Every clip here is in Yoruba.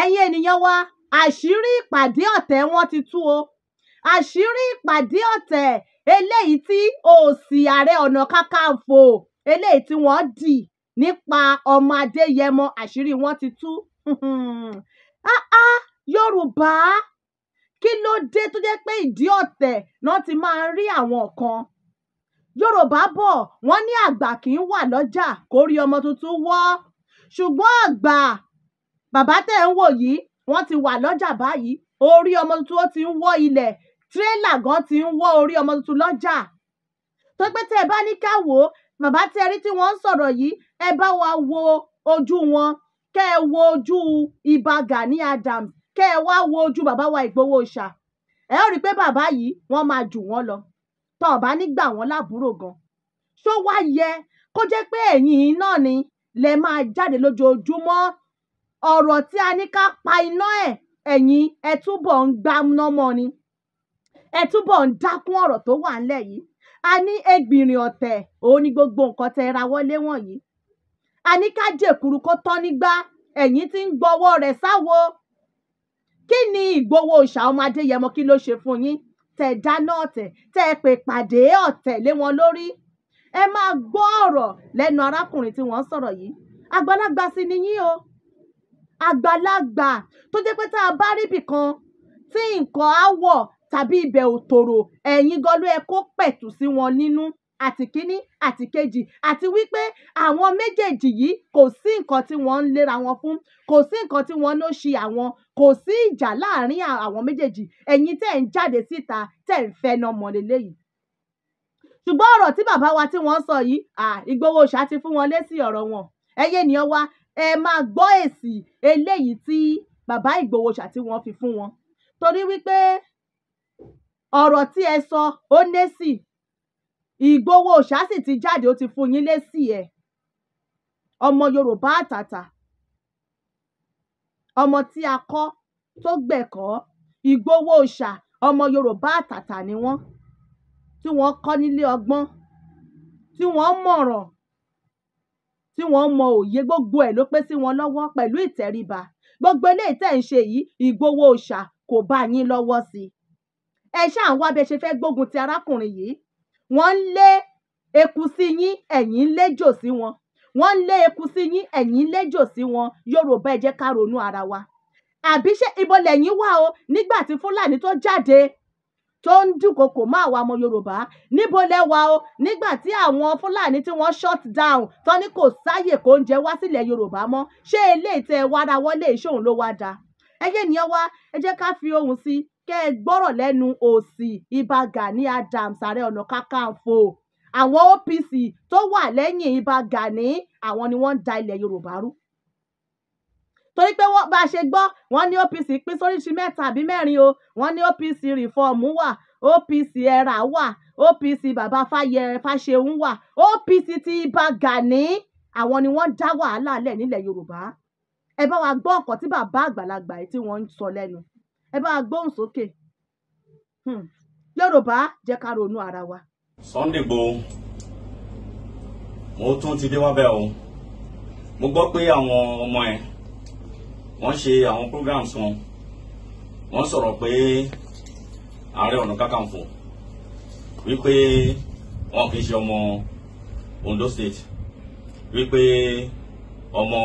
ẹ̀yin ènìyàn wa àṣírí ìpàdé ọ̀tẹ̀ wọn ti tú o àṣírí ìpàdé ọ̀tẹ̀ eléyìí tí òsì ààrẹ ọ̀nà kakanfò eléyìí tí wọ́n dì nípa ọmọ adéyẹmọ àṣírí wọn ti tú ah ah yorùbá kí ló dé tó jẹ́ pé ìdí ọ̀tẹ̀ náà ti máa ń rí àwọn kan yorùbá bọ̀ wọ́n ní àgbà kì í wà lọ́jà kó ọmọ tuntun wọ́ ṣùgbọ́n àgbà bàbá tẹ́ ẹ̀ ń wò yìí wọ́n ti wà lọ́jà báyìí orí ọmọ tuntun ó ti ń wọ́ ilẹ̀ tírélà gan ti ń wọ́ orí ọmọ tuntun lọ́jà tó pé tẹ́ ẹ bá ní ká wò ó bàbá tẹ́ rí tí wọ́n ń sọ̀rọ̀ yìí ẹ bá wa wo ojú wọn kẹ́ ẹ wo ojú Ìbà Gani adam kẹ́ ẹ wá wo ojú bàbá wa Ìgbòho ṣà ẹ ó rí i pé bàbá yìí wọ́n máa jù wọ́n lọ tọ́ ọ̀bá nígbà wọ́n lábúrò gan ṣó wá yẹ kó jẹ́ pé ẹ̀yìn náà ni lẹ máa jáde lójoojúmọ́ ọ̀rọ̀ tí a ní ká pa iná ẹ̀ ẹ̀yin ẹ túbọ̀ ń gbámúná mọ́ ni ẹ túbọ̀ ń dákún ọ̀rọ̀ tó wà ńlẹ̀ yìí a ní ẹgbìnrin ọ̀tẹ̀ òun ni gbogbo nǹkan tẹ ra wọlé wọ̀nyí a ní ká jèkúrú kó tán nígbà ẹ̀yin tí ń gbọ́wọ́ rẹ̀ sáwo kí ni Ìgbòho òòṣà ọmọ Adéyẹmọ kí ló ṣe fún yín tẹ dáná ọ̀tẹ̀ tẹ pè pàdé ọ̀tẹ̀ lé wọn lórí ẹ máa gbọ́ ọ̀rọ̀ lẹ́nu arákùnrin tí wọ́n sọ̀rọ̀ yìí àgbàlagbà sì ni yín o àgbàlagbà tó jẹ́ pé tá a bá ríbì kan tí nǹkan á wọ̀ tàbí ibẹ̀ ò tòrò ẹ̀yin gan ló yẹ kó pẹ̀tù sí wọn nínú àti kíní àti kejì àti wípé àwọn méjèèjì yìí kò sí nǹkan tí wọ́n ń léra wọn fún kò sí nǹkan tí wọ́n ló ṣe àwọn kò sí ìjà láàrin àwọn méjèèjì ẹ̀yin tẹ́ ń jáde síta tẹ́ ń fẹ́nà mọ̀lélẹ́ yìí ṣùgbọ́n ọ̀rọ̀ tí bàbá wa tí wọ́n sọ yìí Ìgbòho ṣá ti fún wọn lésì ọ̀rọ̀ wọn ẹ̀yẹ́ ènìyàn wa ẹ máa gbọ́ èsì eléyìí tí bàbá Ìgbòho ṣàtì wọn fi fún wọn torí wípé ọ̀rọ̀ tí ẹ sọ ó nésì Ìgbòho ṣá sì ti jáde ó ti fún yín lésì ẹ̀ ọmọ Yorùbá àtàtà ọmọ tí a kọ́ tó gbẹ̀kọ́ Ìgbòho ṣá ọmọ Yorùbá àtàtà ni wọ́n tí wọ́n kọ́ nílé ọgbọ́n tí wọ́n mọ̀ràn tí wọ́n mọ òye gbogbo ẹ̀ ló pé sí wọn lọ́wọ́ pẹ̀lú ìtẹríba gbogbo eléyìí tẹ̀ ń ṣe yìí Ìgbòho òòṣà kò bá yín lọ́wọ́ sí i ẹ ṣáà ń wá bẹ ṣe fẹ́ gbógun ti arákùnrin yìí wọ́n ń lé eku sí yín ẹ̀yin ń léjò sí wọn wọ́n ń lé eku sí yín ẹ̀yin ń léjò sí wọn Yorùbá ẹ jẹ́ ká ronú ara wa àbí ibo lẹ̀yin wà o nígbà tí Fúlàní tó jáde tó ń dúnkokò mọ́ àwa ọmọ yorùbá níbo lẹ́wà o nígbà tí àwọn fúlàní tí wọ́n shut down tán ni kò sáyè kó ń jẹ wá sílẹ̀ yorùbá mọ́ ṣé eléyìí tẹ wára wọlé ìṣòun ló wá da ẹyẹ ènìyàn wa ẹ jẹ́ ká fi ohùn sí kẹ́ ẹ gbọ́rọ̀ lẹ́nu òsì Ìbà Gani Adams Ààrẹ Ọ̀nà Kakanfò àwọn OPC tó wà lẹ́yìn Ìbà Gani àwọn ni wọ́n ń da ilẹ̀ yorùbá rú torí pé wọ́n bá a ṣe gbọ́ wọ́n ní OPC pín sóríṣi mẹ́ta àbí mẹ́rin o wọ́n ní OPC rìfọ́ọ̀mù wà OPC ẹ̀rà wà OPC bàbá fáṣeun wà OPC ti ibà Gani àwọn ni wọ́n dá wàhálà lẹ̀ nílẹ̀ Yorùbá ẹ bá wa gbọ́ ọ̀kọ̀ tí bàbá àgbàlagbà yìí tí wọ́n ń sọ lẹ́nu ẹ bá wa gbóhùn sókè hmm. Yorùbá jẹ́ ká ronú ara wa. Sunday bo, mo tún ti dé wá bẹ́ẹ̀ o mo gbọ́ pé àwọn ọmọ ẹ̀ wọ́n ṣe àwọn programs wọn wọ́n sọ̀rọ̀ pé ààrẹ ọ̀nà kákàǹfò wípé wọn kì í ṣe ọmọ Ondo state wípé ọmọ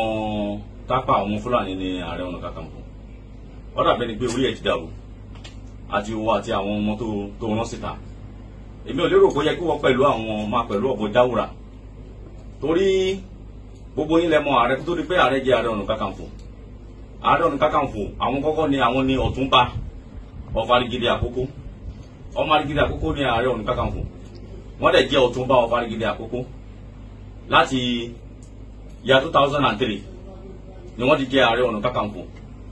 tápà ọmọ fúlàní ni ààrẹ ọ̀nà kákàǹfò ó dàbẹ́ ni pé orí ẹ̀ ti dàrú àti owó àti àwọn ọmọ tó rán síta èmi ò lérò kó yẹ kí wọ́n pẹ̀lú àwọn máa pẹ̀lú ọ̀bọ̀ dáwùrà torí gbogbo yín lẹ mọ ààrẹ kó tó di pé ààrẹ jẹ ààrẹ ọ̀nà kákàǹfò ààrẹ ọ̀nà àwọn kọ́kọ́ ni àwọn ni ọ̀túnba ọ̀fà arigidi àkókó ọmọ arigidi àkókó ni ààrẹ ọ̀nà kakanfò wọ́n dẹ̀ jẹ́ ọ̀túnba ọ̀fà arigidi àkókó láti ya two thousand and three ni wọ́n ti jẹ́ ààrẹ ọ̀nà kakanfò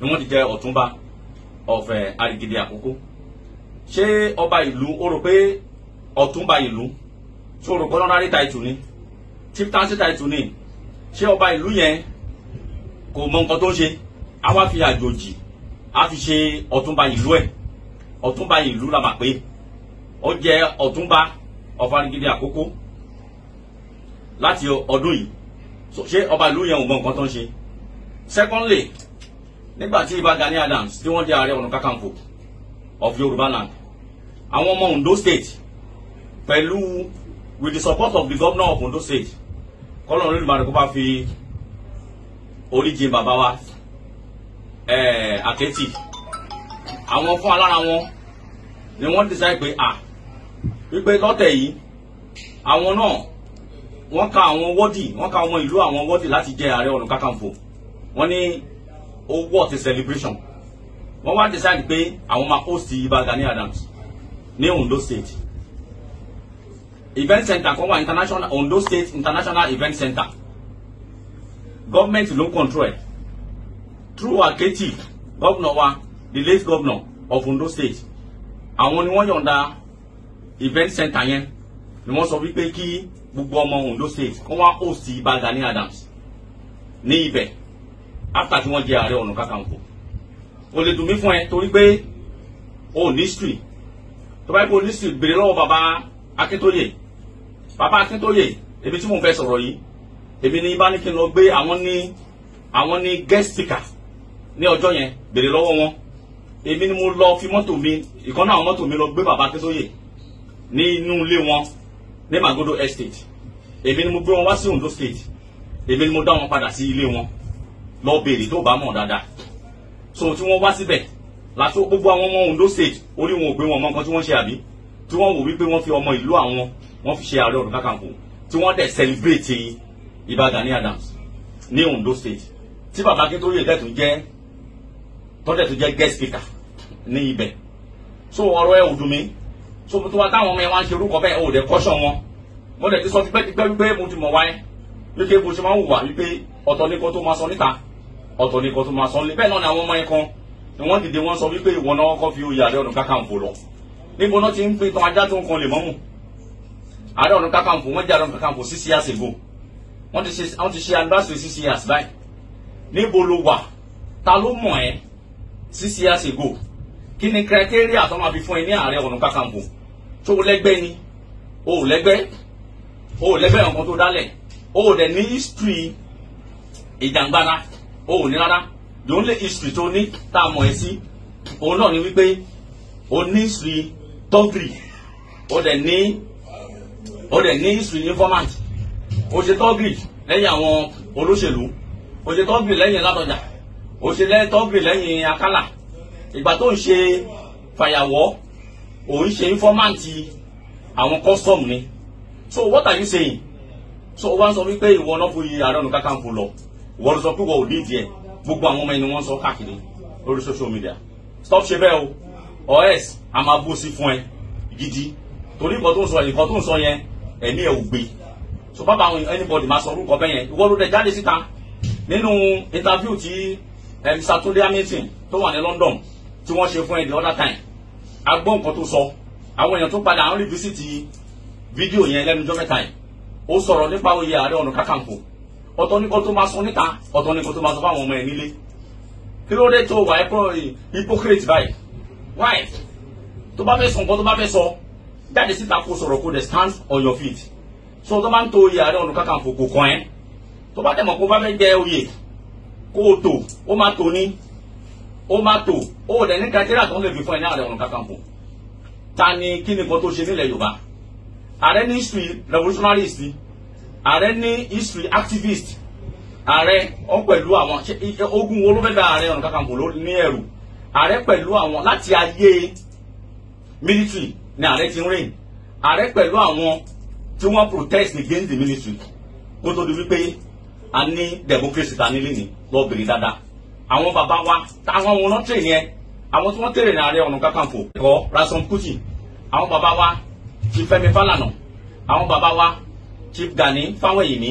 ni wọ́n ti jẹ́ ọ̀túnba ọ̀fẹ́ eh, arigidi àkókó ṣé ọba ìlú ó rò pé ọ̀túnba ìlú ṣó rò pé honorary title ni chieftaincy title ni ṣé ọba ìlú yẹn kò mọ nǹkan tó ń ṣe a wá fi àjòjì a fi ṣe ọ̀túnba ìlú ẹ̀ ọ̀túnba ìlú la mà pé ó jẹ́ ọ̀túnba ọ̀farigidi àkókò láti ọdún yìí ṣé ọba ìlú yẹn ò mọ nǹkan tó ń ṣe secondly nígbà tí ibà Gani Adams tí wọ́n jẹ́ ààrẹ ọ̀nà kakanfò of Yorùbá land àwọn ọmọ Ondo state pẹ̀lú with the support of the governor of Ondo state kọ́lọ́n olódùmarè kó bá fi oríjì bàbá wa àkẹ́tì eh, àwọn fún alára wọn ni wọ́n decide pé à ah, wípé lọ́tẹ̀ yìí àwọn náà wọ́n ka àwọn wọ́dì wọ́n ka àwọn ìlú àwọn wọ́dì láti jẹ ààrẹ ọ̀nà kakanfò wọ́n ní owó ọ̀tí celebration wọ́n wá decide pé àwọn máa host Ìbà Gani Adams ní Ondo State event center kan wà international Ondo State international event center government ló ń control ẹ̀ through Akechi gómìnà wa the late governor of Ondo state àwọn ni wọ́n yọ̀ǹda event center yẹn ni wọ́n sọ wípé kí gbogbo ọmọ Ondo state kó wá host Ìbà Gani Adams ní ibẹ̀ after tí wọ́n jẹ ààrẹ ọ̀nà kakanfò o lè dùn mí fún ẹ torí pé o ní history tó bá yẹ kó ní history béèrè lọ́wọ́ Baba Akíntóyè bàbá Akíntóyè èmi tí mo fẹ́ sọ̀rọ̀ yìí èmi ní bá ní kí n lọ gbé àwọn ní àwọn ní guest speaker ní ọjọ́ yẹn béèrè lọ́wọ́ wọn èmi ni mo lọ fi mọ́tò mi ìkan náà mọ́tò mi lọ gbé bàbá akíntóyè ní inú ilé wọn ní Magodo estate èmi ni mo gbé wọn wá sí Ondo state èmi ni mo dá wọn padà sí ilé wọn lọ béèrè tó bá mọ̀ dáadáa so tí wọ́n wá síbẹ̀ láti gbogbo àwọn ọmọ Ondo state orí wọn ò gbé wọn mọ nǹkan tí wọ́n ṣe àbí tí wọ́n wò wípé wọ́n fi ọmọ ìlú àwọn wọ́n fi ṣe ààrẹ ọ̀dùn kákàǹkò tí wọ́n dẹ̀ celebrate Ìbà Gani Adams ní Ondo state tí bàbá akíntóyè dẹ̀ tún jẹ́ tọ́jà tó jẹ́ guest speaker ní ibẹ̀ so ọ̀rọ̀ ẹ ò dùn mí so mo tún wá táwọn ọmọ yẹn wá ń ṣe orúkọ bẹ́ẹ̀ ò dẹ̀ kọ́ṣọ̀ wọn mo dẹ̀ ti sọ tipẹ́ tipẹ́ wípé mo ti mọ̀ wáyé wípé bó ṣe máa ń wùwà wípé ọ̀tọ̀ nìkan tó máa sọ níta ọ̀tọ̀ nìkan tó máa sọ nílé bẹ́ẹ̀ náà ni àwọn ọmọ yẹn kan ni wọ́n dìde wọ́n sọ wípé ìwọ náà kọ́ fi oyè Ààrẹ Ọ̀nà Kakanfò lọ níbo náà ti ń pin tán ajá tó ń kan lè mọ́mù Ààrẹ Ọ̀nà Kakanfò wọ́n jẹ́ Ààrẹ Ọ̀nà Kakanfò six years ago wọ́n ti ṣe anniversary six years báyìí six years ago kí ni criteria tó máa fi fún ẹ ní ààrẹ ọ̀nà kakanfò tó o lẹ́gbẹ́ ni o ò lẹ́gbẹ́ o ò lẹ́gbẹ́ nǹkan tó dálẹ̀ o ò dẹ̀ ní history ìjàngbara o ò ní rárá the only history tó ní tá a mọ̀ ẹ́ sí òun náà ni wípé o ní history tọ́gìrì o dẹ̀ ní o dẹ̀ ní history informant o ṣe tọ́gìrì lẹ́yìn àwọn olóṣèlú o ṣe tọ́gìrì lẹ́yìn látọjà ó ṣe lẹ́tọ́gbìn lẹ́yìn akálà ìgbà tó ń ṣe fàyàwọ́ òun ṣe ínfọ́máǹtì àwọn custom ni so what are you saying so wọ́n sọ wípé ìwọ náà fún yìí Ààrẹ Ọ̀nà Kakanfò lọ wọ́n sọ pé wọ́n ò ní ìdí ẹ̀ gbogbo àwọn ọmọ ẹni wọ́n sọ káàkiri lórí social media stop ṣe bẹ́ẹ̀ o or else a máa bú sí fún ẹ gidi torí nǹkan tó ń sọ nǹkan tó ń sọ yẹn ẹ̀mí ẹ̀ ò gbé so bábà anybody máa sọ orúkọ bẹ́yẹn ìwọ ló dẹ̀ jáde síta nínú interview tí um, Saturday Hamilton tó wà ní London tí wọ́n ṣe fún ẹ the other time a gbọ́ nǹkan tó sọ àwọn èèyàn tó padà àwọn rìbísìtì fídíò yẹn lẹ́nu jọ́ mẹ́ta yìí ó sọ̀rọ̀ nípa oyè ààrẹ ọ̀nà kàkàǹkò ọ̀tọ̀ ní kó tó máa sọ níta ọ̀tọ̀ ní kó tó máa sọ fáwọn ọmọ ẹ̀ nílé kí ló dé tó wà hypocrite báyìí why tó bá fẹ́ sọ nǹkan tó bá fẹ́ sọ jáde síta kó sọ̀rọ̀ kó dẹ̀ stand on your feet so tó bá ń to oyè ààrẹ ọ̀nà kàkàǹkò kò kàn ẹ́ tó bá tẹ̀ mọ̀ kó bá fẹ́ jẹ oyè kó o tò ó máa tò ní ó máa tò ó dẹ̀ ní kàtẹ́rà tó ń lè fi fún ẹ ní ààrẹ ọ̀nà kakanfò ta ni kí ni nǹkan tó ṣe nílẹ̀ yorùbá ààrẹ ní history revolutionarist ààrẹ ní history activist ààrẹ ọ pẹ̀lú àwọn ogun wo ló fẹ́ da ààrẹ ọ̀nà kakanfò ló ní ẹ̀rù ààrẹ pẹ̀lú àwọn láti ayé military ni ààrẹ ti ń rìn ààrẹ pẹ̀lú àwọn tí wọ́n protest against the military kó tó di wípé a ní democracy ta nílé ni lọ bèrè dáadáa àwọn bàbá wa táwọn wọn náà tèrè yẹn àwọn tí wọ́n tèrè ní ààrẹ ọ̀nà kakanfò ẹ̀kọ́ rasan kuti àwọn bàbá wa chief Fẹ́mi Fálànà àwọn bàbá wa chief Gani Fáwẹ̀yìmí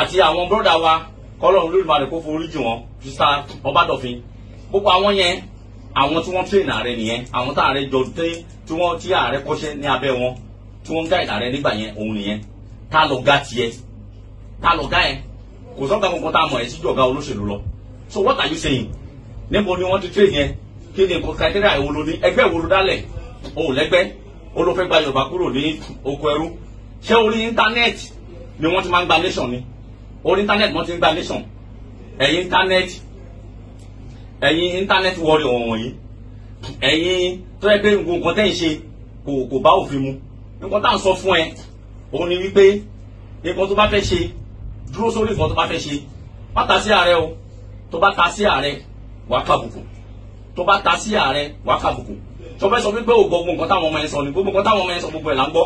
àti àwọn bọ́dà wa kọ́lọ̀ olódùmarè kó forí jù wọn mr Ọbádọ̀fin gbogbo àwọn yẹn àwọn tí wọ́n tèrè ní ààrẹ nìyẹn àwọn tá ààrẹ jọ dé tí wọ́n tí ààrẹ kọ́ṣẹ́ ní abẹ́ wọn tí wọ́n ń gáìdà rẹ nígbà yẹn òun nìyẹn tá lọ gá tiẹ̀ ta lọ̀gá ẹ kò sọ́gà kankan tá a mọ̀ ẹ́ síjú ọ̀gá olóṣèlú lọ so what are you saying níbo ni wọ́n ti train yẹn kí ni nǹkan criteria ìwo ló ní ẹgbẹ́ ìwo ló dálẹ̀ o ò lẹ́gbẹ́ o ló fẹ́ gba Yorùbá kúrò ní oko ẹrú ṣé orí íńtánẹ́ẹ̀tì ni wọ́n ti máa ń gba nation ni orí íńtánẹ́ẹ̀tì wọ́n ti ń gba nation ẹ̀yin íńtánẹ́ẹ̀tì ẹ̀yin íńtánẹ́ẹ̀tì wọ́ọ̀rì ọ̀wọ̀n yìí ẹ̀yin tó yẹ pé nǹkan tẹ́ ń ṣe kò kò bá òfin mu nǹkan tá à ń sọ fún ẹ òun ni wípé nǹkan tó bá fẹ́ ṣe dúró sórí nǹkan tó bá fẹ́ ṣe má ta sí ààrẹ o tó bá ta sí ààrẹ wà á kàbùkù tó bá ta sí ààrẹ wà á kàbùkù tó fẹ́ sọ wípé ògbọ́ gbogbo nǹkan táwọn ọmọ yẹn sọ ni gbogbo nǹkan táwọn ọmọ yẹn sọ gbogbo ẹ̀ là ń gbọ́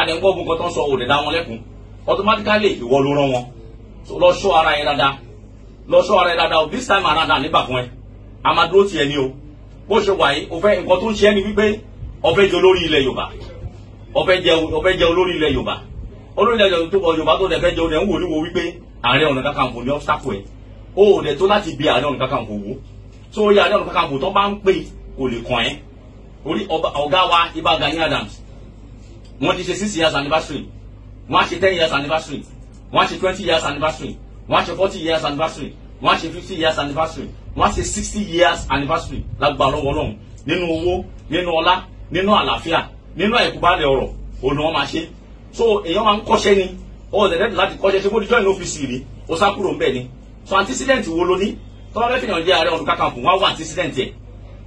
adẹ̀ ń gbọ́ gbogbo nǹkan tó ń sọ òde dá wọn lẹ́kùn automatically ìwọ ló rán wọn lọ ṣọ́ ara yẹn dáadáa lọ ṣọ́ ara yẹn dáadáa o this time around nígbà fún ẹ a máa dúró tiẹ̀ ni o bó ṣe wà yìí o fẹ́ nǹkan tó ń ṣe ẹ́ wípé o fẹ́ jẹ olórí ilẹ̀ Yorùbá o fẹ́ o fẹ́ jẹ olórí ilẹ̀ Yorùbá olórí ìdájọ́ tó Yorùbá tó dẹ̀ fẹ́ jẹun dẹ̀ ń wò níwò wípé Ààrẹ Ọ̀nà Kakanfò ní ọ́fíṣàpọ̀ ẹ̀ o ò dẹ̀ tó láti bi Ààrẹ Ọ̀nà Kakanfò wò tó yẹ Ààrẹ Ọ̀nà Kakanfò tó bá ń pè kò lè kàn ẹ́ orí ọ̀gá wa Ìbà Gani Adams wọ́n ti ṣe six years anniversary wọ́n á ṣe ten years anniversary wọ́n á ṣe twenty years anniversary wọ́n á ṣe forty years anniversary wọ́n á ṣe fifty years anniversary wọ́n á ṣe sixty years anniversary lágbára lọ́wọ́ Ọlọ́run nínú owó nínú ọlá nínú àlàáfíà nínú àìkúbálẹ̀ ọ̀rọ̀ òun ni wọ́n máa ṣe so èèyàn máa ń kọ́ṣẹ́ ni ó dẹ̀dẹ̀ láti kọ́ṣẹ́ ṣe bóde join ọ́fíìsì rí ó sá kúrò ń bẹ̀ ni so antecedent wo ló ní tọ́lá fẹ́ fìyàn jẹ́ ààrẹ ọ̀nà kakanfò wọ́n á wọ antecedent yẹ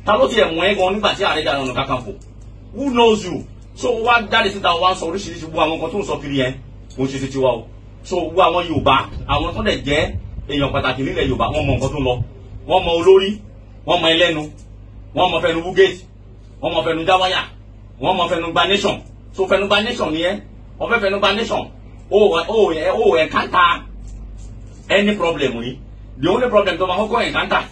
ta ló tiẹ̀ mọ̀ ẹ́ gan nígbà tí ààrẹ jẹ́ ààrẹ ọ̀nà kakanfò who knows you so wá dáre síta wá sọ oríṣiríṣi gbogbo àwọn nǹkan tó ń sọ kiri yẹn kò ṣe ti tiwa o so gbogbo àwọn Yorùbá àwọn tó dẹ̀ jẹ́ èèyàn pàtàkì nílẹ̀ Yorùbá wọ́n mọ nǹkan tó ń lọ wọ́n mọ olórí wọ́n mọ ẹlẹ́nu wọ́n mọ fẹnu bugate wọ́n mọ fẹnu dáwáyà wọ́n mọ fẹnu gba nation so fẹnu gba nation ni ọfẹ fẹnu ba nation o o o ẹkanta any problem rí the only problem tó ma kọ́kọ́ ẹkanta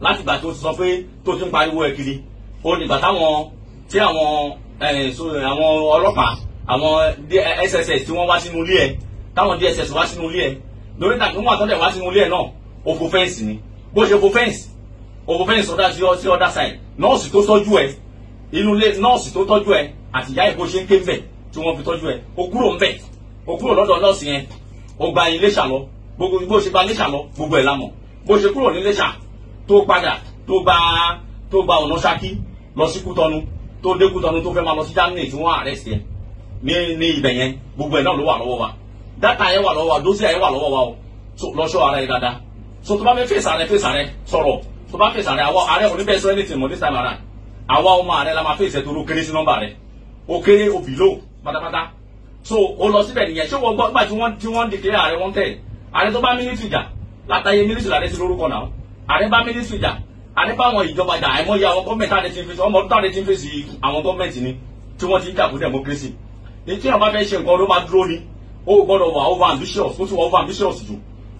láti gbà tó sọ pé tó ti ń pariwo ẹ kiri ó ní gbà táwọn tí àwọn àwọn ọlọ́pàá àwọn SSS tí wọ́n wá sínú ilé ẹ táwọn DSS wá sínú ilé ẹ lórí tàbí wọ́n àtọ́dẹ̀ wá sínú ilé ẹ náà òfò fẹ́ǹsì ni bó ṣe òfò fẹ́ǹsì òfò fẹ́ǹsì ọ̀dà sí ọ̀dà side nọ́ọ̀sì tó tọ́jú ẹ inú ilé nọ́ọ̀sì tó tọ́jú ẹ àtìyá ẹ bó ṣe ń ké ń bẹ̀ tí wọ́n fi tọ́jú ẹ̀ ó kúrò ń bẹ̀ ó kúrò lọ́dọ̀ nọ́ọ̀sì yẹn ó gba iléṣà lọ gbogbo bó ṣe gba iléṣà lọ gbogbo ẹ̀ la mọ̀ bó ṣe kúrò níléṣà tó padà tó gba tó gba ọ̀nà ṣákí lọ sí kútọ́nu tó dé kútọ́nu tó fẹ́ máa lọ sí germany tí wọ́n arrest yẹn ní ní ibẹ̀ yẹn gbogbo ẹ̀ náà ló wà lọ́wọ́ wa dátà yẹn wà lọ́wọ́ wa dósì yẹn wà lọ́wọ́ wa o lọ́ṣọ́ ara yẹn dáadáa so tó bá fẹ́ fèsì ààrẹ fèsì ààrẹ sọ̀rọ̀ tó bá fèsì ààrẹ àwọ ààrẹ òní bẹ́ẹ̀ sọ anything mọ̀ this time around àwa ọmọ ààrẹ la máa fèsì ẹ̀ tó ló kéré sí nọ́mbà rẹ̀ ó pátápátá so ó lọ síbẹ̀ nìyẹn ṣé wọ́n gbọ́ nígbà tí wọ́n tí wọ́n declare ààrẹ wanted ààrẹ tó bá military jà látàyè military làrẹ ti lórúkọ náà ààrẹ bá military jà ààrẹ bá àwọn ìjọba jà àìmọye àwọn gọ́ọ̀mẹ̀ntì ààrẹ ti ń fèsì ọmọ ọdún ààrẹ ti ń fèsì àwọn gọ́ọ̀mẹ̀ntì ni tí wọ́n ti ń jà fún democracy ní tí àwọn bá fẹ́ ṣe nǹkan ló máa dúró ni ó gbọ́dọ̀ wà over ambitious ó sì wà over ambitious jù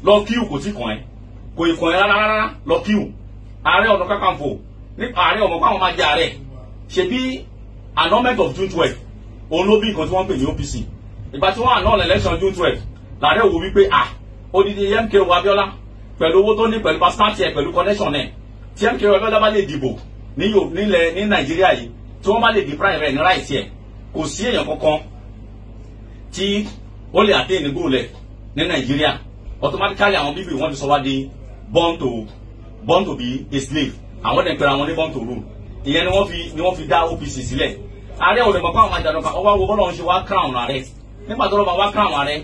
lọ kíw kò tí kàn ẹ́ kò ì kàn ẹ́ rárá rárá lọ kíw ààrẹ ọ̀nà kakanfò ní ààrẹ ọ̀mọ̀ pé àwọn máa jẹ ààrẹ ṣebí annulment of June twelve òun ló bí nǹkan tí wọ́n ń pè ní OPC ìgbà tí wọ́n àná election June twelve làárẹ̀ wò wípé à odidi MKO Abiola pẹ̀lú owó tó ní pẹ̀lú pasipati ẹ̀ pẹ̀lú connection ẹ̀ tí MKO Abiola bá lè dìbò ní nílẹ̀ ní Nàìjíríà yìí tí wọ́n bá lè deprive rẹ̀ ní right ẹ̀ kò sí èèyàn kankan tí ó lè àdé ní góòlẹ̀ ní Nàìjíríà automatically àwọn bíbí wọn ti sọ wá di born to born to be a slave àwọn dẹ̀ pẹ̀lú àwọn ní born to rule ìyẹn ni wọ́n fi ni wọ́n fi dá OPC sílẹ̀ ààrẹ ò lè mọ̀ fáwọn àjàdọ̀pá ọwọ́ wo bọ́lá ń ṣe wá crown ààrẹ nígbà tó lọ́ máa wá crown ààrẹ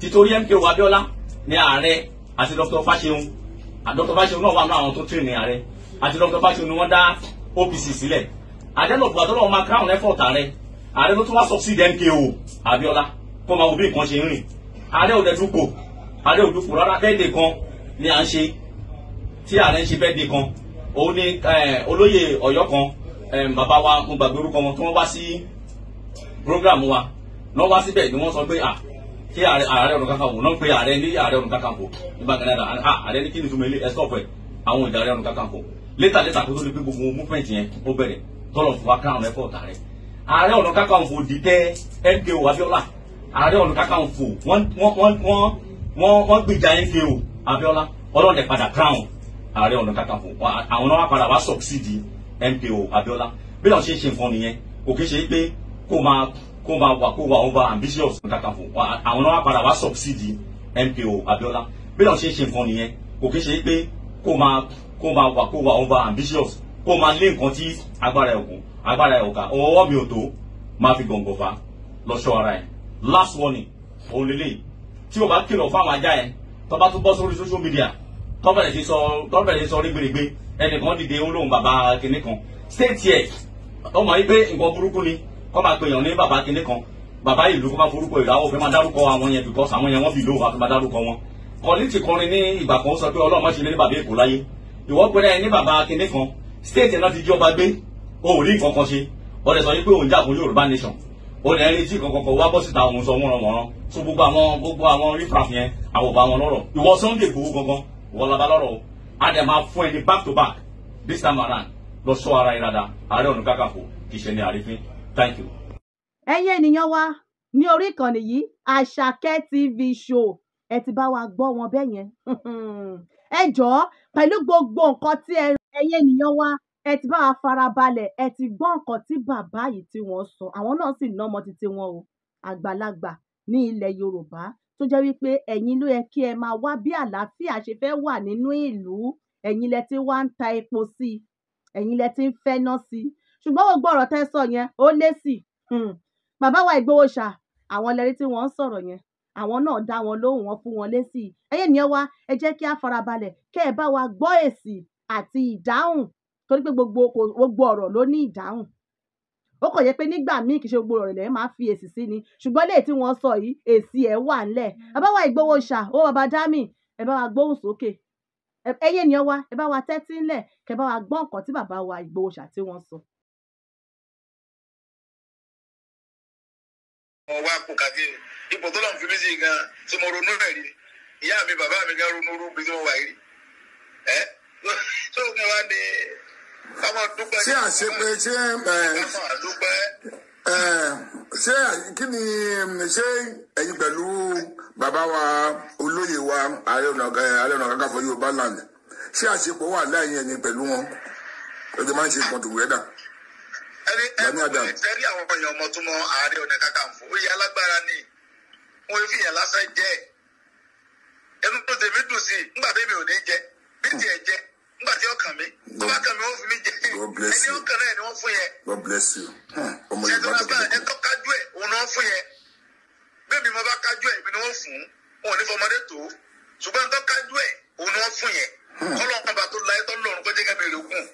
títorí MKO Abiola ni ààrẹ àti Dr. Fáṣeun Dr. Fáṣeun náà wà ní àwọn tó tún ní ààrẹ àti Dr. fashion, ni wọ́n dá OPC sílẹ̀ àjẹ́lọ̀gbà tó lọ́ máa crown effort ààrẹ ààrẹ ló tún wá subsidi MKO Abiola kó máa wo bí nǹkan ṣe ń rìn ààrẹ ò dẹ̀dúpọ̀ ààrẹ ò dúpọ̀ rárá bẹ́ẹ̀ dé kan ni à ń ṣe tí ààrẹ ń ṣe bẹ́ẹ̀ dé kan òun ni eh, olóyè Ọ̀yọ́ kan bàbá wa mo gbàgbé orúkọ wọn tí wọ́n wá sí program wa náà wá síbẹ̀ ni wọ́n sọ pé à ah, kí ààrẹ ọ̀nà kakanfò náà pé ààrẹ ní ààrẹ ọ̀nà kakanfò nígbà kan náà à ah, ah, ààrẹ ní kí ni túmọ̀ ilé ẹ stop ẹ̀ àwọn ìdá ààrẹ ọ̀nà kakanfò létà létà kó tó di pé gbogbo movement yẹn ó bẹ̀rẹ̀ tọ́lọ̀ fún wa káwọn ẹ̀fọ́ ọ̀tà rẹ̀ ààrẹ ọ̀nà kakanfò dìtẹ̀ MKO Abiola ààrẹ ọ̀nà kakanfò wọ́n wọ́n wọ́n wọ́n gbèjà MKO Abiola ọlọ́dẹ padà crown ààrẹ ọ̀nà kakanfò àwọn náà wá padà wá subsidi MPO Abiola bí làwọn ṣe ṣe nǹkan nìyẹn kò kí ń ṣe pé kó máa kó máa wà kó wà over ambitious Kakanfò àwọn náà padà wá subsidy MPO Abiola bí làwọn ṣe ṣe nǹkan nìyẹn kò kí ń ṣe pé kó máa kó máa wà kó wà over ambitious kó máa lé nǹkan tí agbára ẹ̀ kù agbára ẹ̀ ọ̀ka ọwọ́ mi ò tó máa fi gbọ̀ngàn fa lọ́ṣọ́ ara ẹ̀ last warning òun lélẹ̀ tí o bá kìlọ̀ fáwọn ajá ẹ̀ tó bá tún bọ́ sórí social media tó bẹ̀rẹ̀ sí sọ tó bẹ̀rẹ̀ sí sọ rí gbèrègbè ẹnìkan dìde ó lóun bàbá kinní kan state yẹ ọmọ yìí pé nǹkan burúkú ni kọ́ máa pèèyàn ní bàbá kinní kan bàbá ìlú kọ́ máa forúkọ ìlú àwọn òfin máa dárúkọ àwọn yẹn because àwọn yẹn wọ́n fi ìlú òfin máa dárúkọ wọn kọ́ni ti kọrin ní ìgbà kan sọ pé ọlọ́run má ṣe ní bàbá èkó láyé ìwọ́ pẹ̀lẹ́ ní bàbá kinní kan state náà ti jọba gbé òun rí nǹkan kan ṣe ọ̀rẹ́ sọ pé òun jà fún Yorùbá nation ó lè rí tí kankankan wá bọ́ síta òun sọ wọ́n wọ́n so gbogbo àwọn gbogbo àwọn rí praf yẹn àwọn ọba wọn lọ́rọ̀ ìwọ àdèmà fún ẹni back to back this time around lọ sọ ara yín dáadáa ààrẹ ọ̀nà kákàfò kì í ṣe ní àrífín thank you. ẹ̀yin ènìyàn wa ní orí ìkànnì yìí àṣàkẹ́ tv show ẹ ti bá wa gbọ́ wọn bẹ́ẹ̀ yẹn ẹ jọ̀ọ́ pẹ̀lú gbogbo nǹkan tí ẹ̀yin ènìyàn wa ẹ ti bá wa farabalẹ̀ ẹ ti gbọ́ nǹkan tí bàbá yìí tí wọ́n sọ àwọn náà sì ná ọmọ títí wọn o àgbàlagbà ní ilẹ̀ yorùbá tó jẹ́ wípé ẹ̀yin ló yẹ kí ẹ máa wá bí àlàáfíà ṣe fẹ́ wà nínú ìlú ẹ̀yin lẹ ti wá ń ta epo sí i ẹ̀yin lẹ ti ń fẹ́ná sí i ṣùgbọ́n gbogbo ọ̀rọ̀ tẹ́ sọ yẹn ó lé sí i hmm. bàbá wa Ìgbòho ṣá àwọn lẹ́rí tí wọ́n ń sọ̀rọ̀ yẹn àwọn náà dá wọn lóhùn wọn fún wọn lé sí i ẹ̀yin ènìyàn wa ẹ jẹ́ kí á farabalẹ̀ kẹ́ ẹ bá wa gbọ́ èsì àti ìdáhùn torí pé gbogbo ọ̀rọ̀ ló ní ìdáhùn ó kàn yẹ pé nígbà míì kì í ṣe gbogbo ọ̀rọ̀ lẹ́yìn máa fi èsì sí ni ṣùgbọ́n lè tí wọ́n sọ yìí èsì ẹ̀ wà ńlẹ̀ àbáwá ìgbowó ṣà ó bàbá dámì ẹ bá wa gbóhùn sókè ẹyẹ ènìyàn wa ẹ bá wa tẹ́tí ńlẹ̀ kẹ bá wa gbọ́ nǹkan tí bàbá wa ìgbowó ṣà tí wọ́n sọ. ọmọ wa kò kàdé ipò tó lọ́n fi mí sí gan tí mo ronú rẹ̀ rí ìyá mi bàbá mi gan ronú orúkọ tí wà yìí ẹ́ tó ṣé àṣepẹ ṣé ṣé kí ni ṣé ẹ̀yin pẹ̀lú bàbá wa olóyè wa ààrẹ ọ̀nà kakanfò yorùbá land ṣé àṣepọ̀ wà láàyè ẹ̀yin pẹ̀lú wọn ẹ̀jẹ̀ máa ń ṣe pọ̀tù wẹ́dà. ẹni ẹni tẹ́rí àwọn èèyàn ọmọ tó mọ ààrẹ ọ̀nà kakanfò ó yẹ alágbára ni wọn fi yàn lásán jẹ ẹnu tó tèmi dùn sí i nígbà tèmi ò ní jẹ bí tiẹ̀ jẹ nígbà ọkàn mi tó bá kàn fi mí jẹ ẹni ọkàn náà ni wọ́n fún yẹ. God bless you. kájú ẹ òun ni wọ́n fún yẹ bẹ́ẹ̀ mo bá kájú ẹ ibi ni fún wọn ní fọmọdé tó ṣùgbọ́n tó kájú ẹ òun ni wọ́n fún yẹ hmm. kọlọ́n kan bá la ẹtọ́ lọ́run kó ká bèrè ogun.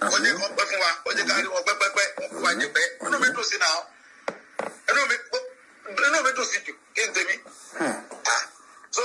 ó jẹ́ kó fún wa ó ká rí wọn pẹ́pẹ́pẹ́ wọn jẹ pẹ́ inú mi dùn sí náà inú mi dùn sí jù kí n tèmi. Hmm. Ah, so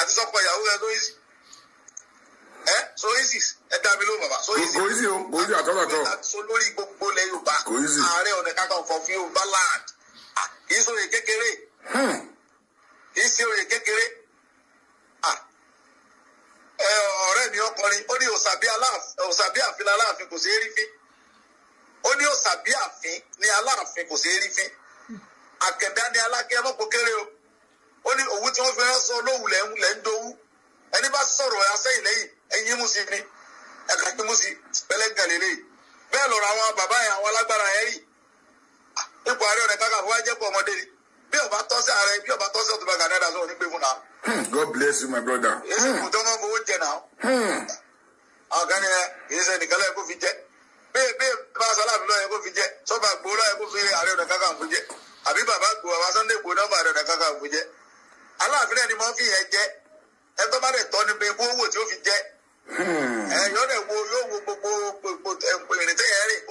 àti sọ́kọ ìyàwó rẹ̀ ló easy ẹ so easy ẹ dá mi ló bàbá so easy. kò easy o kò easy àtọ́lá tọ́. so lórí gbogbo ilẹ̀ Yorùbá ààrẹ ọ̀nà kakanfò fi Yorùbá land kì í sóye kékeré hmm. kì í sóye kékeré ọ̀rẹ́ mi ọkùnrin ó ní òsàbí àfin aláàfin kò sí é rí fín ó ní òsàbí àfin ní aláàfin kò sí é rí fín àkẹ́dá ní alákẹ́ mọ́kò kéré o. ó ní òwú tí wọ́n fi rán sọ lóhùn lẹ́ ń dowú ẹni bá sọ̀rọ̀ asẹ́yìn lẹ́yìn ẹ̀yìn mú ni ẹ̀ka kí mú sí pẹ́lẹ́gàn lélẹ́yìí bẹ́ẹ̀ lọ́rọ̀ àwọn bàbá yẹn àwọn alágbára yẹn rì ipò ààrẹ ọ̀nà kankan fún wa jẹ́ pọ ọmọdé ni bí ọba tọ́ ọba gàdá dà hmm, God bless you my brother. èsì kù tó máa fowó jẹ náà. Hmm. àwọn kan jẹ bẹ́ẹ̀ bẹ́ẹ̀ bá kó jẹ sọ́ba gbó kó fi fún jẹ àbí bàbá gbó Sunday gbó aláàbílẹ̀ ni mo fi yẹn jẹ ẹ tó bá dẹ̀ tọ́ ni pé owó tí ó fi jẹ hmm. ẹ yọ dẹ̀ wo yóò wo gbogbo gbogbo ìrìn tẹ́yẹ̀ rìn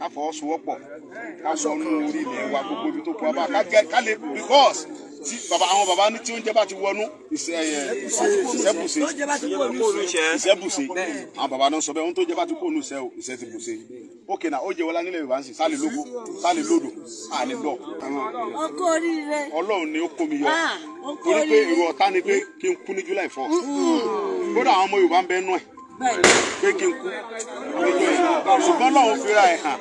káfọwọ́sowọ́pọ̀ káwọnú orí ilẹ̀ wa gbogbo ibi tó kù abá ká lè because tí baba àwọn baba ní tí oúnjẹ bá ti wọnú ìṣẹ́bùṣe ìṣẹ́bùṣe àwọn baba náà sọ bẹ́ẹ̀ ohun tó jẹ́ bá ti kó ònú ìṣẹ́ o ti bùṣe ok na ó jẹ wọlá nílẹ̀ yorùbá ń sìn sálẹ̀ lóko sálẹ̀ lódò àlẹ́ lọ. ọkọ oríire ọlọ́run ni ó kó mi yọ ah, torí pé èrò ọ̀tá ni pé kí n kú ní july four mm-hmm. kódà àwọn ọmọ yorùbá ń bẹ́ẹ̀ nú ẹ̀ pé kí n ṣùgbọ́n náà ó fira ẹ̀ hàn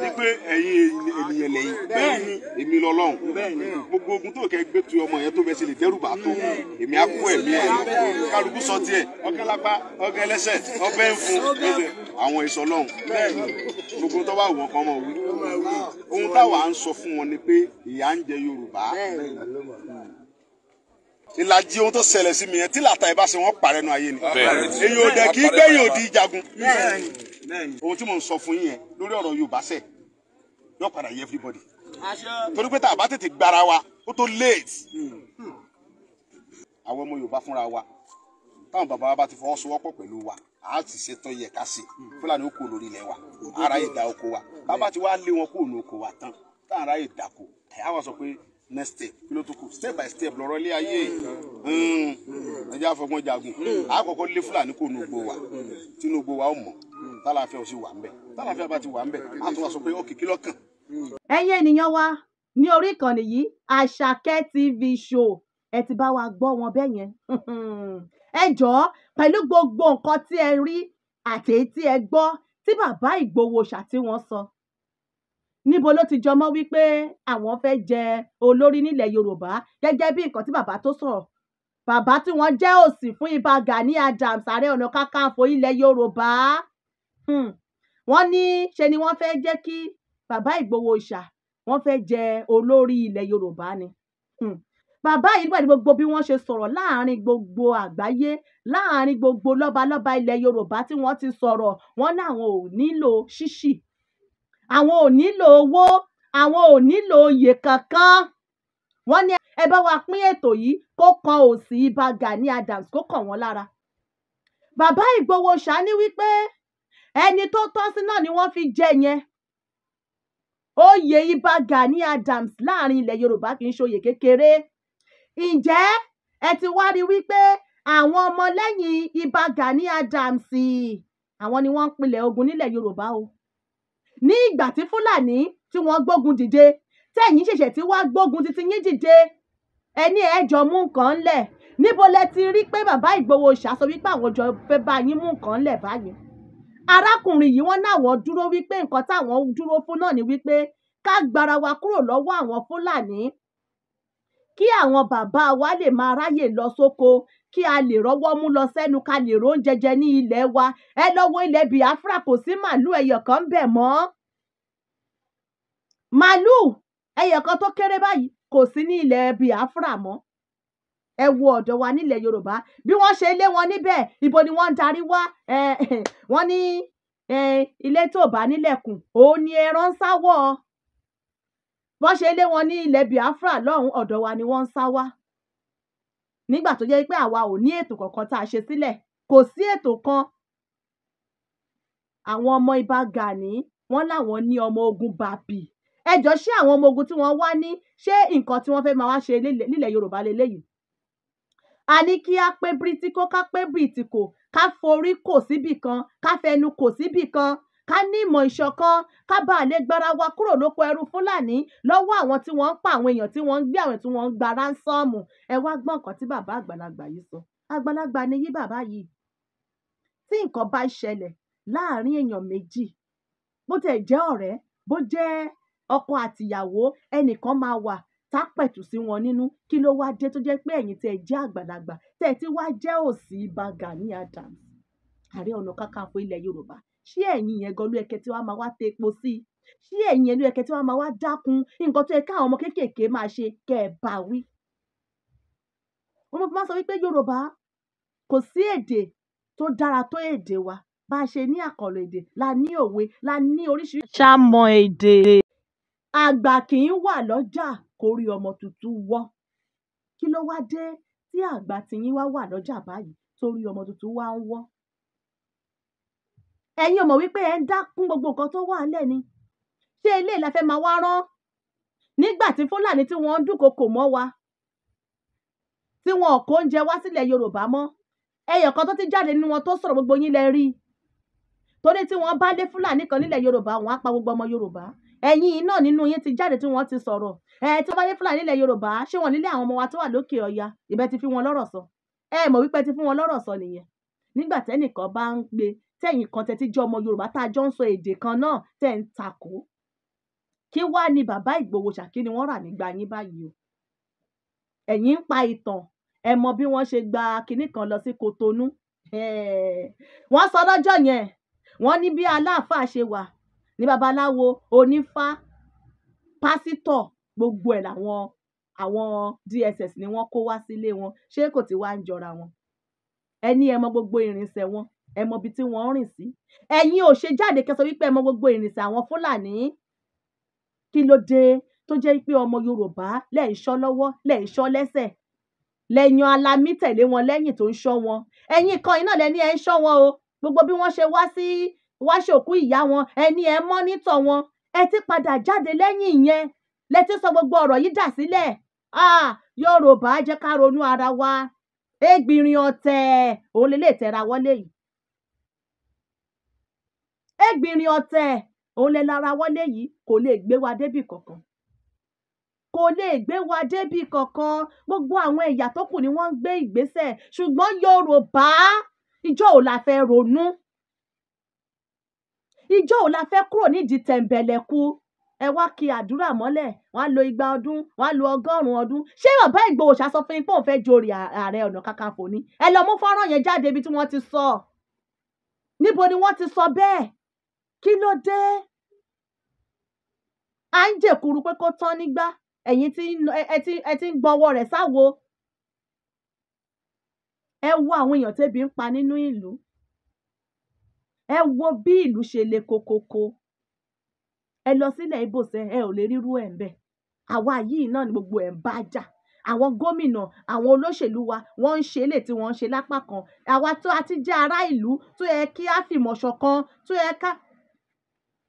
ní pé ẹ̀yin ènìyàn lẹ́yìn bẹ́ẹ̀ni èmi lọ́lọ́run gbogbo ogun tó kẹ́ gbé tu ọmọ yẹn tó bẹ́ẹ̀ sì lè dẹ́rù tó èmi á kó ẹ̀mí ẹ̀ kálukú sọ tiẹ̀ ọ̀kẹ́ ọ̀kẹ́ lẹ́sẹ̀ ọ̀bẹ ń fún àwọn ìsọ̀ lọ́hùn gbogbo tó bá wọ̀ kọ́ mọ̀ wí ohun táwa ń sọ fún wọn ni pé ìyà ń jẹ Yorùbá ìlàjì ohun tó ṣẹlẹ̀ sí mi yẹn tí làtà ìbáṣe wọn parẹ́ nu ayé ni èyí ò dẹ̀ kí gbẹ̀yìn òdi ìjagun ohun tí mò ń sọ fún yín yẹn lórí ọ̀rọ̀ Yorùbá sẹ̀ yóò padà yé everybody torí pé tá a bá tètè gbára wa ó tó late hmm. àwọn ọmọ Yorùbá fúnra wa táwọn bàbá wa bá ti fọwọ́sowọ́pọ̀ pẹ̀lú wa a ti ṣe tán yẹ ká ṣe hmm. Fúlàní ó kó lórí ilẹ̀ wa ara ìdá oko wa bàbá ti wá lé wọn kó òun oko wa tán táwọn ará ìdá kó next step kí ló tó kù step by step lọ́rọ̀ ilé ayé hmm. ẹjẹ àfọgbọ́n jagun àkọ́kọ́ lé fúlàní kò nùgbò wa tí wa ó mọ̀ tálàfẹ́ ò sì wà ńbẹ̀ tálàfẹ́ bá ti wà ńbẹ̀ á tún wá sọ pé ó kìkì lọ́kàn. ènìyàn wa ní orí ìkànnì yìí àṣàkẹ́ tv show ẹ ti bá wa gbọ́ wọn bẹ́ẹ̀ yẹn ẹ jọ̀ọ́ pẹ̀lú gbogbo nǹkan tí ẹ rí àti èyí tí ẹ gbọ́ tí bàbá Ìgbòho ṣàtiwọn sọ níbo ló ti jọmọ́ wípé àwọn fẹ́ jẹ olórí nílẹ̀ yorùbá gẹ́gẹ́ bí nǹkan tí bàbá tó sọ̀rọ̀ bàbá tí wọ́n jẹ́ òsì fún ibà Gani Adams ààrẹ ọ̀nà kakanfò ilẹ̀ yorùbá hmm. wọ́n ní ṣe ni wọ́n fẹ́ jẹ́ kí bàbá Ìgbòho Òòṣà wọ́n fẹ́ jẹ olórí ilẹ̀ yorùbá ni hmm. bàbá yìí nígbàdí gbogbo bí wọ́n ṣe sọ̀rọ̀ láàrin gbogbo àgbáyé láàrin gbogbo lọ́balọ́ba ilẹ̀ yorùbá tí wọ́n ti sọ̀rọ̀ wọ́n láwọn ò nílò ṣíṣì àwọn ò nílò owó àwọn ò nílò oyè kankan wọ́n ní ẹ bá wa pín ètò yìí kó kan òsì ibà Gani Adams kó kàn wọ́n lára bàbá Ìgbòho ṣáni wípé ẹni tó tọ́ sí náà ni wọ́n fi jẹ yẹn oyè ibà Gani Adams láàrin ilẹ̀ Yorùbá kì í ṣoyè kékeré ǹjẹ́ ẹ ti wá rí wípé àwọn ọmọlẹ́yìn ibà Gani Adams àwọn ni wọ́n ń pilẹ̀ ogun nílẹ̀ Yorùbá o ní ìgbà tí fúlàní tí wọ́n gbógun dìde tẹ̀yìn ṣẹ̀ṣẹ̀ tí wọ́n gbógun títí yín dìde ẹni ẹ̀jọ̀ mú nǹkan lẹ̀ níbo lẹ ti rí pé bàbá Ìgbòho ṣàṣọ wípé àwọn jọ fẹ́ bá yín mú nǹkan lẹ̀ báyìí arákùnrin yìí wọ́n náwọn dúró wípé nǹkan táwọn dúró fún náà ni wípé ká gbara kúrò lọ́wọ́ àwọn fúlàní kí àwọn bàbá wa lè máa ráyè lọ sóko kí a lè rọ́wọ́ mú lọ sẹ́nu ká lè róúnjẹ jẹ ní ilẹ̀ wa ẹ lọ́wọ́ ilẹ̀ Biafra kò sí màálù ẹyọ kan ń bẹ̀ mọ́ màálù ẹyọ kan tó kéré báyìí kò sí ní ilẹ̀ Biafra mọ́ ẹ wo ọ̀dọ̀ wa nílẹ̀ Yorùbá bí wọ́n ṣe lé wọn níbẹ̀ ibo ni wọ́n ń darí wá wọ́n ní ilé tó bá nílẹ̀kùn òun ni ẹran sáwọ́ ọ bọ́n ṣe lé wọn ní ilẹ̀ Biafra lọ́hùn ọ̀dọ̀ wa ni wọ́n ń sá wá nígbà tó jẹ́ pé àwa ò ní ètò kankan tá a ṣe sílẹ̀ kò sí ètò kan àwọn ọmọ Ìbà Gani wọ́n láwọn ní ọmọ ogun bàbí ẹjọ́ ṣé àwọn ọmọ ogun tí wọ́n wá ní ṣé nǹkan tí wọ́n fẹ́ máa wá ṣe nílẹ̀ Yorùbá lélẹ́yìí a ní kí á pé bírítíkó ká pé bírítíkó ká forí kò síbì ká fẹnu kò síbì ká ní ìmọ̀ ìṣọ̀kan ká bá lè gbára wa kúrò lóko ẹrú fúlàní lọ́wọ́ àwọn tí wọ́n ń pa àwọn èèyàn tí wọ́n ń gbé àwọn tí wọ́n ń gba ránsọ́ọ̀mù ẹ wá gbọ́ nǹkan tí bàbá àgbàlagbà yìí sọ àgbàlagbà ni yí bàbá yìí tí nǹkan bá ṣẹlẹ̀ láàárín èèyàn méjì bó tẹ̀ jẹ́ ọ̀rẹ́ bó jẹ́ ọkọ àtìyàwó ẹnìkan máa wà tápẹ̀tù sí wọn nínú kí ló wá dé tó jẹ́ pé ẹ̀yin tẹ̀ jẹ́ àgbàlagbà tẹ̀ tí wá jẹ́ òsì Ìbà Gani Adams ààrẹ ọ̀nà kakanfò ilẹ̀ Yorùbá ṣé ẹ̀yin yẹn gan ló yẹ kẹ́ tí wàá máa wá tẹ epo sí i ṣé ẹ̀yin yẹn ló yẹ kẹ́ tí wàá máa wá dákun nǹkan tó yẹ káwọn ọmọ kéékèèké máa ṣe kẹ́ ẹ̀ bá wí. wọ́n máa sọ wípé Yorùbá kò sí èdè tó dára tó èdè wa bá a ṣe ní àkànlò èdè la ní òwe la ní oríṣiríṣi. ṣá mọ èdè. àgbà kì í wà lọ́jà kórí ọmọ tuntun wọ́ kí ló wá dé tí àgbà tiyín wá wà lọ́jà báyìí torí ọmọ tuntun wá ń wọ́ ẹ̀yin ò wípé ẹ ń dákún gbogbo nǹkan tó wà ńlẹ̀ ni ṣé ilé la máa wá rán nígbà tí fúlàní tí wọ́n ń dúnkokò mọ́ wa tí wọn kó oúnjẹ wá sílẹ̀ yorùbá mọ́ ẹyọ̀ kan tó ti jáde nínú wọn tó sọ̀rọ̀ gbogbo yín lẹ rí torí tí wọ́n bá lé fúlàní kan nílẹ̀ yorùbá wọn á pa gbogbo ọmọ yorùbá ẹ̀yin iná nínú yín ti jáde tí wọ́n ti sọ̀rọ̀ ẹ̀ tí wọ́n bá lé fúlàní nílẹ̀ yorùbá ṣé wọn nílé àwọn ọmọ wa tó wà lókè ọya ìbẹ́ ti fi wọn lọ́rọ̀ sọ ẹ mọ̀ wípé ti fún wọn lọ́rọ̀ sọ nìyẹn nígbà tẹ́nìkan bá ń gbé tẹ̀yìn kan tẹ́tí jẹ́ ọmọ Yorùbá tá a jọ ń sọ èdè kan náà tẹ̀ ń takò kí wá ní bàbá Ìgbòho ṣàkí ni wọ́n rà nígbà yín báyìí o ẹ̀yin ń pa ìtàn ẹ mọ bí wọ́n ṣe gba kinní kan lọ sí Kotonu wọ́n sọ lọ́jọ́ yẹn wọ́n ní bí aláàfáà ṣe wà ní babaláwo onífá pásítọ̀ gbogbo ẹ̀ làwọn àwọn DSS ni wọ́n kó wá sílé wọn ṣé kò ti wá ń jọra wọn ẹni ẹ mọ gbogbo ìrìnsẹ̀ wọn ẹ mọ ibi tí wọ́n ń rìn sí ẹ̀yin ò ṣe jáde kẹsàn wípé ẹ mọ gbogbo ìrìnsẹ̀ àwọn fúlàní kí ló dé tó jẹ́ pé ọmọ yorùbá lẹ̀ ń ṣọ́ lọ́wọ́ lẹ̀ ń ṣọ́ lẹ́sẹ̀ lẹ́yìn alamí tẹ̀lé wọn lẹ́yìn tó ń ṣọ́ wọn ẹ̀yin kan iná lẹ́ni ẹ̀ ń ṣọ́ wọn o gbogbo bí wọ́n ṣe wá sí wá ṣòkú ìyá wọn ẹni ẹ̀ mọ́nítọ̀ wọn ẹ ti padà jáde lẹ́yìn ìyẹn lẹ ti sọ gbogbo ọ̀rọ̀ yìí dà sílẹ̀ ah yorùbá jẹ́ ká ronú ara wa ẹgbìnrin ọ̀tẹ̀ òun lè lè tẹra wọlé yìí ẹgbìnrin ọ̀tẹ̀ òun lẹ lára wọlé yìí kò lè gbé wa débì kankan kò lè gbé wa débì kankan gbogbo àwọn ẹ̀yà tó kù ni wọ́n ń gbé ìgbésẹ̀ ṣùgbọ́n Yorùbá ìjọ ò la fẹ́ ronú ìjọ ò la fẹ́ kúrò nídìí tẹ̀m̀bẹ̀lẹ̀kù ẹ wá kí àdúrà mọ́lẹ̀ wọ́n á lo igba ọdún wọ́n á lo ọgọ́rùn-ún ọdún ṣé bàbá Ìgbòho ṣàsọ fún yín pé òun fẹ́ jorí ààrẹ ọ̀nà kakanfò ni ẹ lọ mú fọ́nrán yẹn jáde ibi tí wọ́n ti sọ níbo ni wọ́n ti sọ bẹ́ẹ̀ kí ló dé à ń jèkuru pé kó tán nígbà ẹ̀yin ẹ ti ń gbọ́wọ́ rẹ̀ sáwo ẹ wo àwọn èèyàn tẹ́bi ń pa nínú ìlú ẹ wo bí ìlú ṣe le kokoko ẹ lọ sílẹ̀ ibòsẹ̀ ẹ ò lè rírú ẹ̀ ń bẹ̀ àwa yìí náà ni gbogbo ẹ̀ ń bá jà àwọn gómìnà àwọn olóṣèlú wa wọ́n ń ṣe eléyìí tí wọ́n ń ṣe lápá kan àwa tó a ti jẹ́ ará ìlú tó yẹ kí a fìmọ̀ ṣọ̀kan tó yẹ ká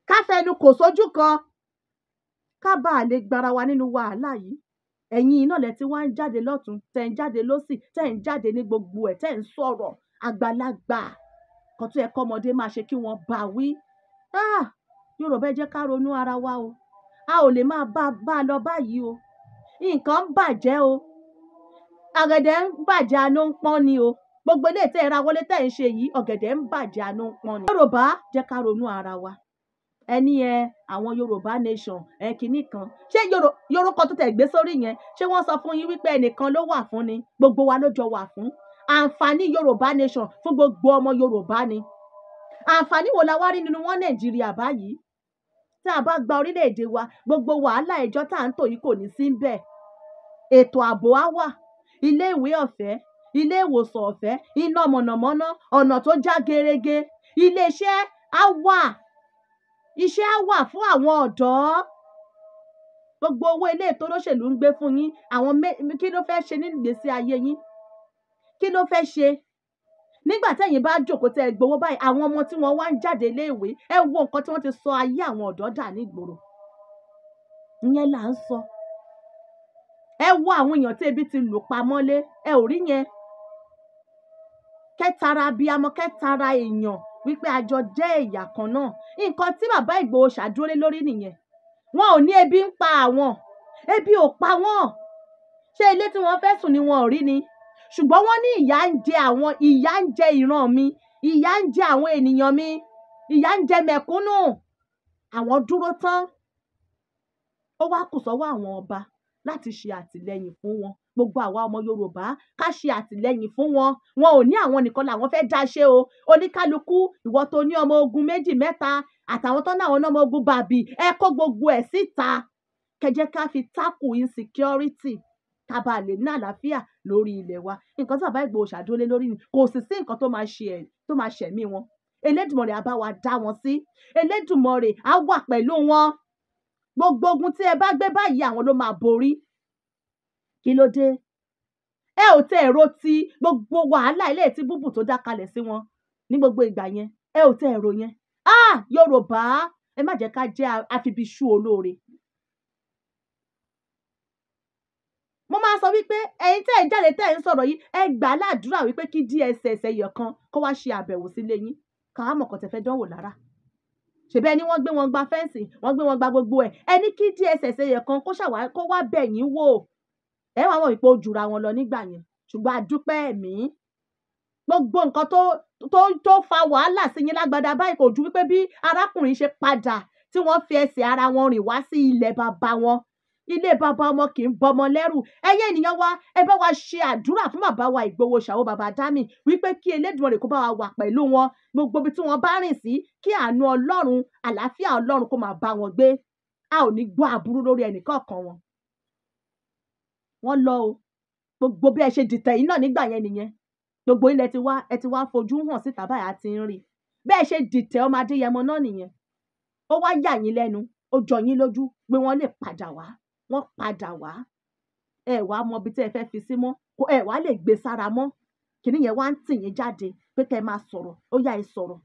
ká fẹnu kò sójú kan ká bá a lè gbara wa nínú wàhálà yìí ẹ̀yin iná lẹ ti wá ń jáde lọ́tún tẹ̀ ń jáde lọ́sì tẹ̀ ń jáde ní gbogbo ẹ̀ tẹ̀ ń sọ̀rọ̀ àgbàlagbà kan tó yẹ kọ́mọdé máa ṣe kí wọ́n bá wí. Ah! Yorùbá ẹ jẹ́ ká ronú ara wa o a ò lè máa bá a lọ báyìí o nǹkan ń bàjẹ́ o àgẹ̀dẹ̀ ń bàjẹ́ àná ń pọ́n ni o gbogbo ilé tẹ́ ẹ ra wọlé tẹ́ ẹ ń ṣe yìí ọ̀gẹ̀dẹ̀ ń bàjẹ́ àná ń pọ́n ni. Yorùbá jẹ́ ká ronú ara wa ẹni ẹ àwọn yorùbá nation ẹ kìíní kan ṣé yorùkọ tó tẹ̀ gbé sórí yẹn ṣé wọ́n sọ fún yín wípé ẹnìkan ló wà fún ni gbogbo wa ló jọ wà fún àǹfààní yorùbá nation fún gbogbo ọmọ yorùbá ni àǹfààní wo la wá rí nínú wọn nàìjíríà báyìí tá a bá gba orílẹ̀-èdè wa gbogbo wàhálà ẹjọ́ tá à ń tò yìí kò ní sí ń bẹ̀ ètò ààbò á wà ilé ìwé ọ̀fẹ́ ilé ìwòsàn ọ̀fẹ́ iná mọ̀nàmọ́ná ọ̀nà tó já gerege iléeṣẹ́ á wà iṣẹ́ á wà fún àwọn ọ̀dọ́ gbogbo owó ilé ètò olóṣèlú ń gbé fún yín àwọn kí ló fẹ́ ṣe nínú ìgbésí ayé yín kí ló fẹ́ ṣe nígbà tẹ́yìn bá jókòó tẹ́ ẹ gbowó báyìí àwọn ọmọ tí wọ́n wá ń jáde iléèwé ẹ wo nǹkan tí wọ́n ti sọ ayé àwọn ọ̀dọ́ dà nígboro ìyẹn là ń sọ ẹ wo àwọn èèyàn tí ebi ti lù pamọ́lé ẹ ò rí yẹn kẹtara abiyamọ kẹtara èèyàn wípé àjọ jẹ́ ẹ̀yà kan náà nǹkan tí bàbá Ìgbòho ṣàdúrólé lórí nìyẹn wọn ò ní ebi ń pa àwọn ebi ò pa wọn ṣé ilé tí wọ́n fẹ́ sùn ni wọn ò rí ni ṣùgbọ́n wọ́n ní ìyà ń jẹ àwọn ìyà ń jẹ ìran mi ìyà ń jẹ àwọn ènìyàn mi ìyà ń jẹ mẹ̀kúnnù àwọn dúró tán ó wá kù sọ́wọ́ àwọn ọba láti ṣe àtìlẹ́yìn fún wọn gbogbo àwa ọmọ yorùbá ká ṣe àtìlẹyìn fún wọn wọn ò ní àwọn nìkan làwọn fẹ́ dá o oníkálukú ìwọ tó ní ọmọ ogun méjì mẹ́ta àtàwọn tó ní ọmọ ogun bàbí ẹ kó gbogbo ẹ̀ síta kẹjẹ ká fi tákù insecurity ká lè ní àlàáfíà lórí ilẹ̀ wa nǹkan tí bàbá Ìgbòho ṣàdúrólé lórí ni kò sì sí nǹkan tó máa ṣẹ̀mí wọn Elédùmarè á wa dá wọn sí Elédùmarè á wà pẹ̀lú wọn gbogbo ogun tí ẹ bá gbé báyìí àwọn ló máa borí kí ló dé ẹ ò tẹ ẹ̀rọ ti gbogbo wàhálà ilé tí búbù tó dá kalẹ̀ sí wọn ní gbogbo ìgbà yẹn ẹ ò tẹ ẹ̀rọ yẹn ah yorùbá ẹ má jẹ́ ká jẹ́ afibiṣu olóore mo máa sọ wípé ẹ̀yin tẹ́ ẹ̀ jáde tẹ́ ẹ̀ ń sọ̀rọ̀ yìí ẹ gbà á ládùúrà wípé kí DSS ẹyọ̀ kan kó wá ṣe àbẹ̀wò sílé yín káwá mọ̀kàn tẹ́ fẹ́ dánwò lára ṣèbẹ́ ni wọ́n gbé wọn gba fẹ́ǹsì wọ́n gbé wọn gba gbogbo ẹ̀ ẹ ní kí DSS ẹyọ̀ kan kó wá bẹ̀ yín wò ẹ wá wọn ìpò jura wọn lọ nígbà yẹn ṣùgbọ́n àdúpẹ́ ẹ̀mí gbogbo nǹkan tó tó tó fa wàhálà sí yín lágbádá báyìí kò ju wípé bí arákùnrin ṣe padà tí wọ́n fi ẹsẹ̀ ara wọn rìn wá sí ilẹ̀ bàbá wọn ilé bàbá ọmọ kì í bọmọ lẹ́rù ẹyẹ ènìyàn wa ẹ bá wa ṣe àdúrà fún bàbá wa Ìgbòho Ṣàwó bàbá Dámì wípé kí Elédùmarè kó bá wa wà pẹ̀lú wọn gbogbo ibi tí wọ́n bá rìn sí kí àánú Ọlọ́run àlàáfíà Ọlọ́run kó máa bá wọn gbé a ò ní gbọ́ aburú lórí ẹnìkọ̀ọ̀kan wọn wọ́n lọ o gbogbo bí ẹ ṣe dìtẹ̀ yìí náà nígbà yẹn nìyẹn gbogbo ilẹ̀ ti wá ẹ ti wá fojú hàn síta báyà ti ń rí bẹ́ẹ̀ ṣe dìtẹ̀ ọmọ Adéyẹmọ náà nìyẹn ó wá yà yín lẹ́nu ó jọ yín lójú pé wọ́n lè padà wá wọ́n padà wá ẹ wá mọ ibi tí ẹ fẹ́ fi sí mọ́ ẹ wá lè gbé sára mọ́ kìnní yẹn wá ń tì yín jáde pé kẹ́ máa sọ̀rọ̀ ó yá ẹ sọ̀rọ̀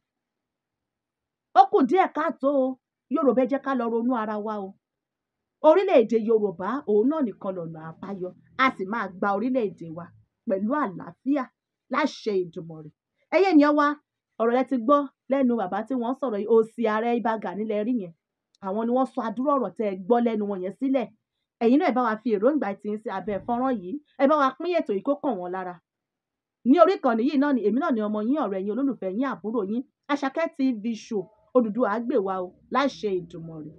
ó kù díẹ̀ káàtó o Yorùbá ẹ jẹ́ ká lọ ronú ara wa o orílẹ̀-èdè yorùbá òun náà nìkan lọ̀nà àbáyọ a sì máa gba orílẹ̀-èdè wa pẹ̀lú àlàáfíà láṣẹ Èdùmàrè ẹ̀yin ènìyàn wa ọ̀rọ̀ lẹ ti gbọ́ lẹ́nu bàbá tí wọ́n sọ̀rọ̀ yìí òsì ààrẹ Ìbà Gani lẹ rí yẹn àwọn ni wọ́n sọ àdúrà ọ̀rọ̀ tẹ́ ẹ gbọ́ lẹ́nu wọn yẹn sílẹ̀ ẹ̀yin náà ẹ bá wa fi èròǹgbà tí ń sí abẹ́ fọ́nrán yìí ẹ bá wa pín ètò ìkókàn wọn lára ní orí ìkànnì yìí náà ni èmi náà ni ọmọ yín ọ̀rẹ́ yín olólùfẹ́ yín àbúrò yín Àṣàkẹ́ TV show Odùduwà á gbè wá o láṣẹ Èdùmàrè